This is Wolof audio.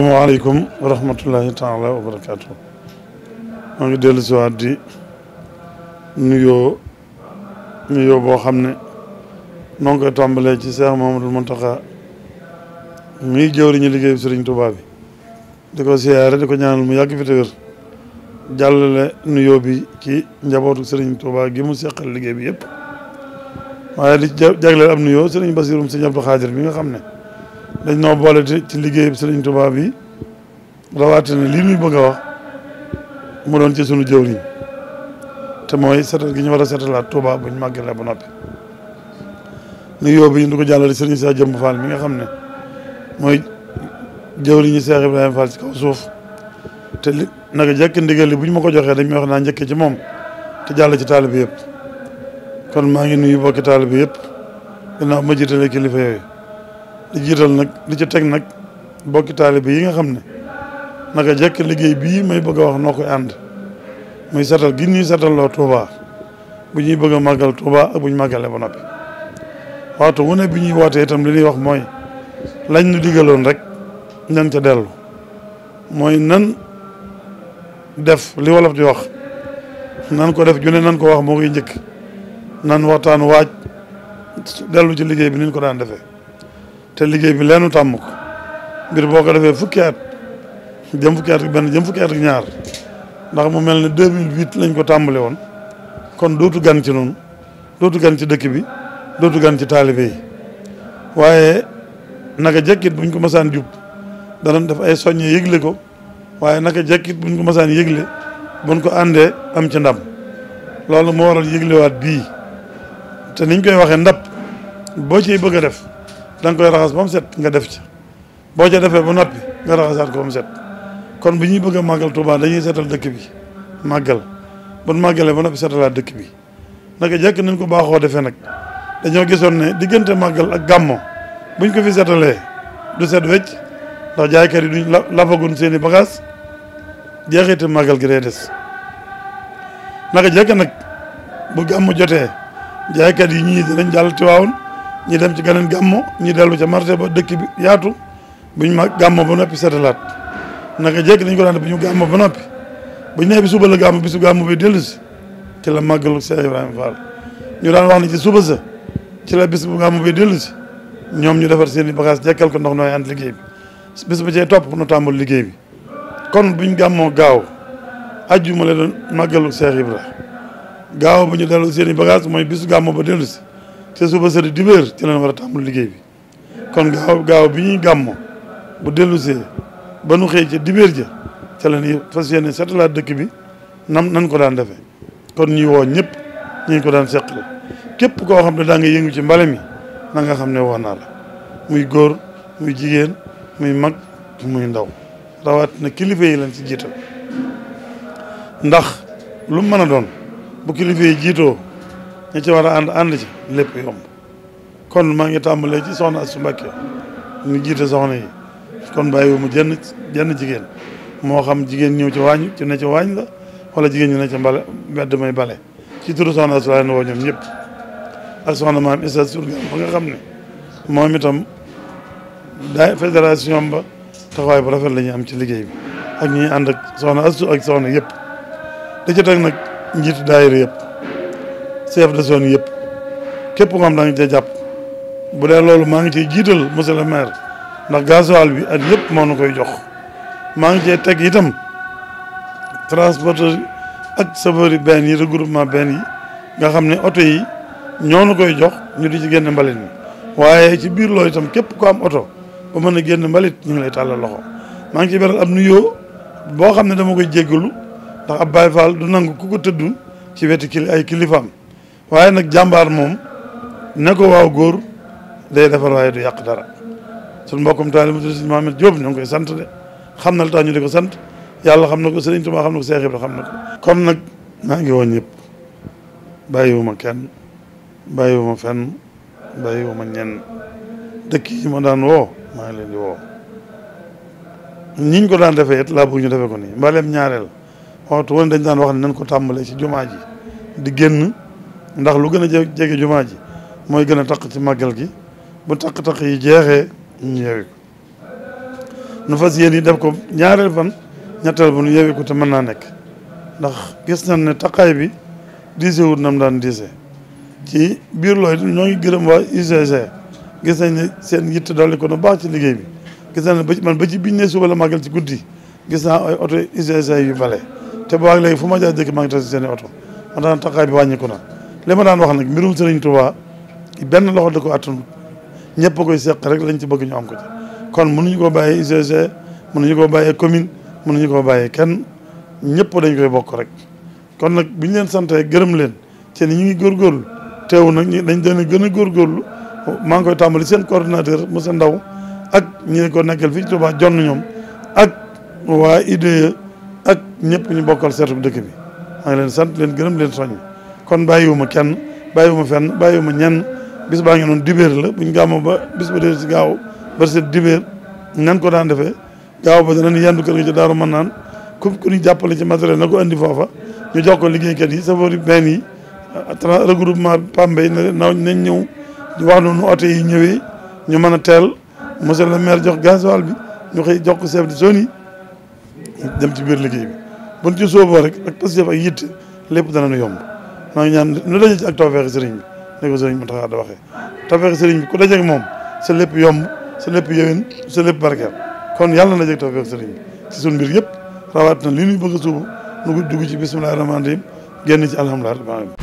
asalaamaaleykum wa rahmatullahi taala wa barakaatu maa ngi dellu si waat di nuyoo boo xam ne noo ngi koy tàmbalee ci Cheikh Mamadou Mountakha mii jëwriñu liggéey bi Sëriñ Tuubaa bi di ko siyaare di ko ñaanal mu yàgg fi te wér jàllale nuyoo bi ci njabootu Sëriñ Tuubaa gi mu seqal liggéey bi yëpp waaye di jagleel am nuyoo Sëriñ Basirum Sëriñ Abdou Xaadir bi nga xam ne dañ noo boole ci liggéey bi sëriñ Tuubaa bi rawatina lii ñuy bëgg a wax mu doon ci sunu jëwriñ te mooy setal gi ñu war a setalaat Tuubaa buñ màggalee ba noppi nu yóbbu ñu di ko jàllale sëriñ Cheikh Jëmb Fall mi nga xam ne mooy jëwriñu Cheikh Ibrahima Fall ci kaw suuf te li naka jekk ndigal li bu ñu ma ko joxee dañuy wax naa njëkkee ci moom te jàll ci taalibe yëpp kon maa ngi nuyu bokki taalibe yëpp gannaaw ma jiitalee kilifa yooyu di jiital nag di ci teg nag bokki taalibe yi nga xam ne naka jekk liggéey bii may bëgg a wax noo koy ànd muy setal gi ñuy setalloo Touba bu ñuy bëgg a màggal Touba ak bu ñu màggalee ba noppi waxtu wu ne bi ñuy wootee itam li ñuy wax mooy lañ nu digaloon rek nan ca dellu mooy nan def li wolof di wax nan ko def ju ne ko wax moo koy njëkk nan waxtaan waaj dellu ci liggéey bi ni ñu ko daan defee te liggéey bi leenu tàmm ko mbir boo ko defee fukki at jëm fukki at benn jëm fukki at ak ñaar ndax mu mel ne 2008 lañ ko tàmbale woon kon dootu gan ci noonu dootu gan ci dëkk bi dootu gan ci taalibe yi waaye naka jekkit buñ ko masaan jub danañ def ay soññe yëgle ko waaye naka jekkit buñ ko masaan yëgle buñ ko àndee am ci ndam loolu moo waral yëglewaat bii te niñ koy waxee ndap boo ciy bëgg a def da nga koy raxas ba mu set nga def ci boo ca defee ba noppi nga raxasaat ko ba mu set kon bu ñuy bëgg a màggal Touba dañuy setal dëkk bi màggal bu nu màggalee ba noppi setalaat dëkk bi naka jekk nañ ko baaxoo defee nag dañoo gisoon ne diggante màggal ak gàmmo buñ ko fi setalee du set wecc ndax jaaykat yi duñ lafagun seen i bagaas jeexite màggal gi day des naka jekk nag bu gàmmu jotee jaaykat yi ñii dinañ jàll Tiwaawoon ñi dem ci geneen gàmmo ñi dellu ca marché ba dëkk bi yaatu buñ ma gàmmo ba noppi seetalaat naka jekk dañ ko daan bu ñu gàmmo ba noppi buñ nee bi suba la gàmmo bisu gàmmo bi dellu si ci la màggalu Cheikh Ibrahima Fall ñu daan wax ci suba sa ci la bis bu gàmmo bi dellu si ñoom ñu defar seen i bagage jekkal ko ndox nooy ànd liggéey bi bis ba cee topp nu tàmbal liggéey bi kon buñ gàmmoo gaaw ajjuma la doon màggalu Cheikh Ibrahima gaaw bu ñu dellu seen i bagage mooy bisu gàmmo ba dellu si te suba sëriñ dibéer ci leen war a tàmbali liggéey bi kon gaaw gaaw bi ñuy gàmmo bu dellusee ba nu xëy ca dibéer ja ca la ñuy fas yéene setalaat dëkk bi nam nañ ko daan defee kon ñuy woo ñëpp ñu ko daan seqal képp koo xam ne daa nga yëngu ci mbale mi na nga xam ne woo naa la muy góor muy jigéen muy mag muy ndaw rawat na kilifa yi lañ ci jiital ndax lu mën a doon bu kilifa yi jiitoo ñi ci war a ànd ànd ci lépp yomb kon maa ngi tàmbalee ci soxna Astou Mbacké mu jiite soxna yi kon bàyyi mu jenn jigéen moo xam jigéen ñëw ci waañ ci ne ci waañ la wala jigéen ñu ne ci mbale mbedd may bale ci turu soxna Astou Mbacké woo ñoom ñëpp ak soxna maam Issa Sourga xam ne moom itam daa fédération ba taxawaay bu rafet la ñuy ci liggéey bi ak ñi ànd ak soxna Astou ak soxna yëpp da ci teg nag njiitu daayira yëpp chef de zone yëpp képp ko am da nga cee jàpp bu dee loolu maa ngi ciy jiital monsieur le maire ndax gasoil bi at yépp moo nu koy jox maa ngi cee teg itam transporteur ak chauffeur yi benn yi groupement benn yi nga xam ne oto yi ñoo nu koy jox ñu di ci génn mbalit mi waaye ci biir loolu itam képp ko am oto ba mën a génn mbalit ñu ngi lay tàllal loxo maa ngi ci am nu nuyoo boo xam ne dama koy jéggalu ndax ab Baay Faal du nangu ku ko tëddul ci wetu kili ay kilifaam waaye nag jàmbaar moom ne ko waaw góor day defar waaye du yàq dara suñu mbokkum taali mu tudd Sëriñ Mahamed Diop ñoo ngi koy sant de xam na lu tax ñu di ko sant yàlla xam na ko Sëriñ Tuubaa xam na ko Seex Ibra na ko kon nag maa ngi woon ñëpp bàyyiwuma kenn bàyyiwuma fenn bàyyiwuma ñenn dëkk yi ma daan woo maa ngi leen di ko daan defee it laa bëgg ñu defee ko nii mbaleem ñaareel waxtu woon dañ daan wax ne nañ ko tàmbalee si jumaa ji di génn ndax lu gën a jege jumaa ji mooy gën a taq ci màggal gi bu taq-taq yi jeexee ñu yeewi ko nu fas yéen yi def ko ñaareel fan ñetteel ba nu yeewi ko te mën naa nekk ndax gis nañ ne taqaay bi diise wut nam daan diise ci biir looy ñoo ngi gërëm waa UCG gis nañ ne seen yitte dolli ko baax ci liggéey bi gis nañ ne ba ci ba ci biñ ne suba la ci guddi gis naa ay oto UCG yu bale te boo ak léegi fu ma jaay dëkk maa ngi tas seen oto ma daan taqaay bi wàññiku na li ma daan wax nag mbirum Serigne Touba benn loxo da ko attanut ñëpp koy seq rek lañ ci bëgg ñu am ko ci kon mënuñu ko bàyyee UCG mënuñu ko bàyyee commune mënuñu ko bàyyee kenn ñëpp dañ koy bokk rek kon nag bu leen santee gërëm leen ci ñu ngi góorgóorlu teew nag ñu dañ doon gën a góorgóorlu maa ngi koy tàmbali seen coordinateur monsieur Ndaw ak ñi ko nekkal fii Touba jonn ñoom ak waa IDE ak ñëpp ñu bokkal seetu dëkk bi maa ngi leen sant leen gërëm leen soññ kon bàyyiwuma kenn bàyyiwuma fenn bàyyiwuma ñenn bis baa ngi noonu dibéer la buñ gàmmoo ba bis ba déwén si gaaw ba set dibéer nan ko daan defee gaaw ba danañ yendu kër nga ci daaru mën naan ku ku ñu jàppale ci matériel na ko andi foofa ñu jox ko liggéeykat yi safari benn yi ah, regroupement Pambey na naw nañ ñëw ñu wax noonu oto yi ñëwee ñu mën a teel monsieur le maire jox gasoil bi ñu xëy jox ko chef de zone yi dem ci biir liggéey bi buñ ci sóoboo rek ak pasif lépp danañu yomb maa ngi ñaan lu daje ci ak tawfeexi sëriñ bi ne ko sëriñ Mountakha da waxee tawfeexi sëriñ bi ku dajeeg moom sa lépp yomb sa lépp yëwén sa lépp barkeel kon yàlla na dajeeg tawfeexi sëriñ bi ci suñu mbir yëpp rawaat na li ñuy bëgg a suubu nu dugg ci bismillahi rahmaani rahim génn ci alhamdulilah